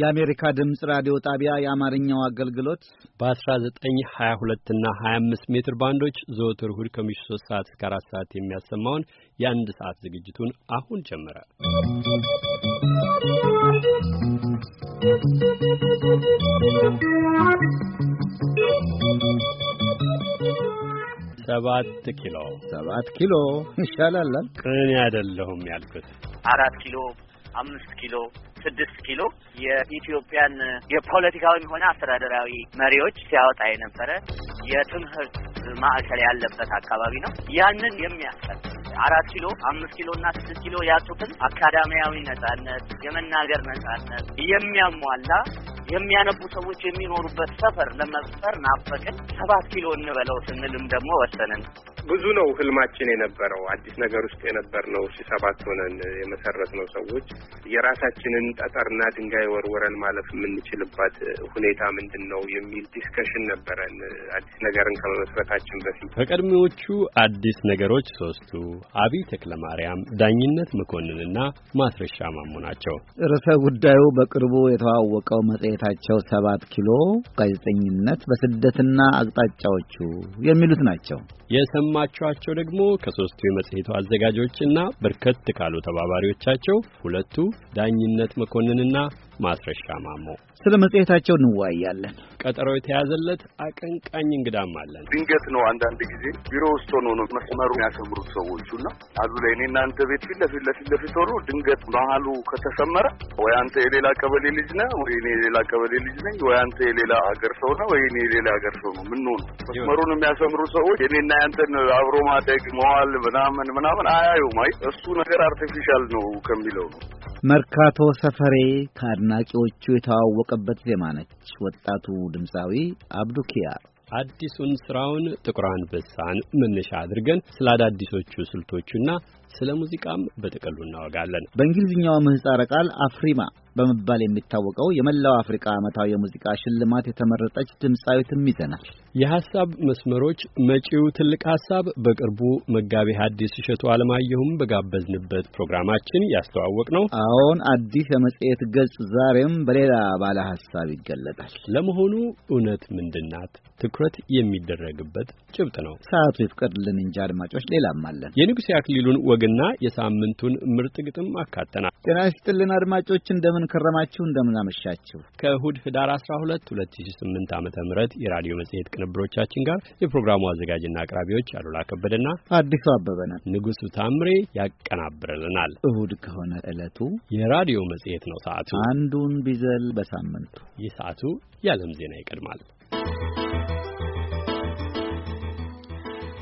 የአሜሪካ ድምፅ ራዲዮ ጣቢያ የአማርኛው አገልግሎት በ1922 እና 25 ሜትር ባንዶች ዘወትር እሁድ ከምሽቱ 3 ሰዓት እስከ 4 ሰዓት የሚያሰማውን የአንድ ሰዓት ዝግጅቱን አሁን ጀመረ። ሰባት ኪሎ ሰባት ኪሎ ይሻላል። ቅን አይደለሁም ያልኩት አራት ኪሎ አምስት ኪሎ ስድስት ኪሎ የኢትዮጵያን የፖለቲካዊም ሆነ አስተዳደራዊ መሪዎች ሲያወጣ የነበረ የትምህርት ማዕከል ያለበት አካባቢ ነው። ያንን የሚያሰር አራት ኪሎ አምስት ኪሎ እና ስድስት ኪሎ ያጡትን አካዳሚያዊ ነጻነት፣ የመናገር ነጻነት የሚያሟላ የሚያነቡ ሰዎች የሚኖሩበት ሰፈር ለመፍጠር ናፈቅን። ሰባት ኪሎ እንበለው ስንልም ደግሞ ወሰንን። ብዙ ነው ህልማችን የነበረው አዲስ ነገር ውስጥ የነበር ነው ሰባት ሆነን የመሰረት ነው ሰዎች የራሳችንን ጠጠርና ድንጋይ ወርወረን ማለፍ የምንችልባት ሁኔታ ምንድን ነው የሚል ዲስከሽን ነበረን አዲስ ነገርን ከመመስረታችን በፊት። ከቀድሞዎቹ አዲስ ነገሮች ሶስቱ አብይ ማርያም ዳኝነት መኮንንና ማስረሻ ማሙ ናቸው። ርዕሰ ጉዳዩ በቅርቡ የተዋወቀው መጽሔታቸው ሰባት ኪሎ ጋዜጠኝነት በስደትና አቅጣጫዎቹ የሚሉት ናቸው። የሰማችኋቸው ደግሞ ከሶስቱ የመጽሔቱ አዘጋጆችና በርከት ካሉ ተባባሪዎቻቸው ሁለቱ ዳኝነት መኮንንና ማስረሻ ማሞ። ስለ መጽሔታቸው እንወያያለን። ቀጠሮ የተያዘለት አቀንቃኝ እንግዳም አለን። ድንገት ነው። አንዳንድ ጊዜ ቢሮ ውስጥ ሆኖ ነው መስመሩ የሚያሰምሩት ና አሉ ላይ እኔ እናንተ ቤት ፊት ለፊት ለፊት ለፊት ሆኖ ድንገት መሀሉ ከተሰመረ ወይ አንተ የሌላ ቀበሌ ልጅ ነህ፣ ወይ እኔ የሌላ ቀበሌ ልጅ ነኝ፣ ወይ አንተ የሌላ ሀገር ሰው ነህ፣ ወይ እኔ የሌላ ሀገር ሰው ነው። ምን ሆነ መስመሩን የሚያሰምሩ ሰዎች የኔና ያንተን አብሮ ማደግ መዋል ምናምን ምናምን አያዩም። አይ እሱ ነገር አርቲፊሻል ነው ከሚለው ነው መርካቶ ሰፈሬ ከአድናቂዎቹ የተዋወቀበት ዜማ ነች። ወጣቱ ድምፃዊ አብዱ ኪያር አዲሱን ስራውን ጥቁር አንበሳን መነሻ አድርገን ስለ አዳዲሶቹ ስልቶቹና ስለ ሙዚቃም በጥቅሉ እናወጋለን። በእንግሊዝኛው ምህጻረ ቃል አፍሪማ በመባል የሚታወቀው የመላው አፍሪካ ዓመታዊ የሙዚቃ ሽልማት የተመረጠች ድምፃዊትም ይዘናል። የሀሳብ መስመሮች መጪው ትልቅ ሀሳብ በቅርቡ መጋቤ ሐዲስ እሸቱ አለማየሁም በጋበዝንበት ፕሮግራማችን ያስተዋወቅ ነው። አሁን አዲስ የመጽሔት ገጽ ዛሬም በሌላ ባለ ሀሳብ ይገለጣል። ለመሆኑ እውነት ምንድናት ትኩረት የሚደረግበት ጭብጥ ነው። ሰዓቱ ይፍቀድልን እንጂ አድማጮች፣ ሌላም አለን። የንጉሴ አክሊሉን ወግና የሳምንቱን ምርጥ ግጥም አካተናል። ጤና ይስጥልን አድማጮች እንደምን እንደምን ከረማችሁ፣ እንደምን አመሻችሁ። ከእሁድ ህዳር 12 2008 ዓ ም የራዲዮ መጽሔት ቅንብሮቻችን ጋር የፕሮግራሙ አዘጋጅና አቅራቢዎች አሉላ ከበደና አዲሱ አበበ ንጉሱ ታምሬ ያቀናብርልናል። እሁድ ከሆነ ዕለቱ የራዲዮ መጽሔት ነው። ሰዓቱ አንዱን ቢዘል በሳምንቱ ሰዓቱ የዓለም ዜና ይቀድማል።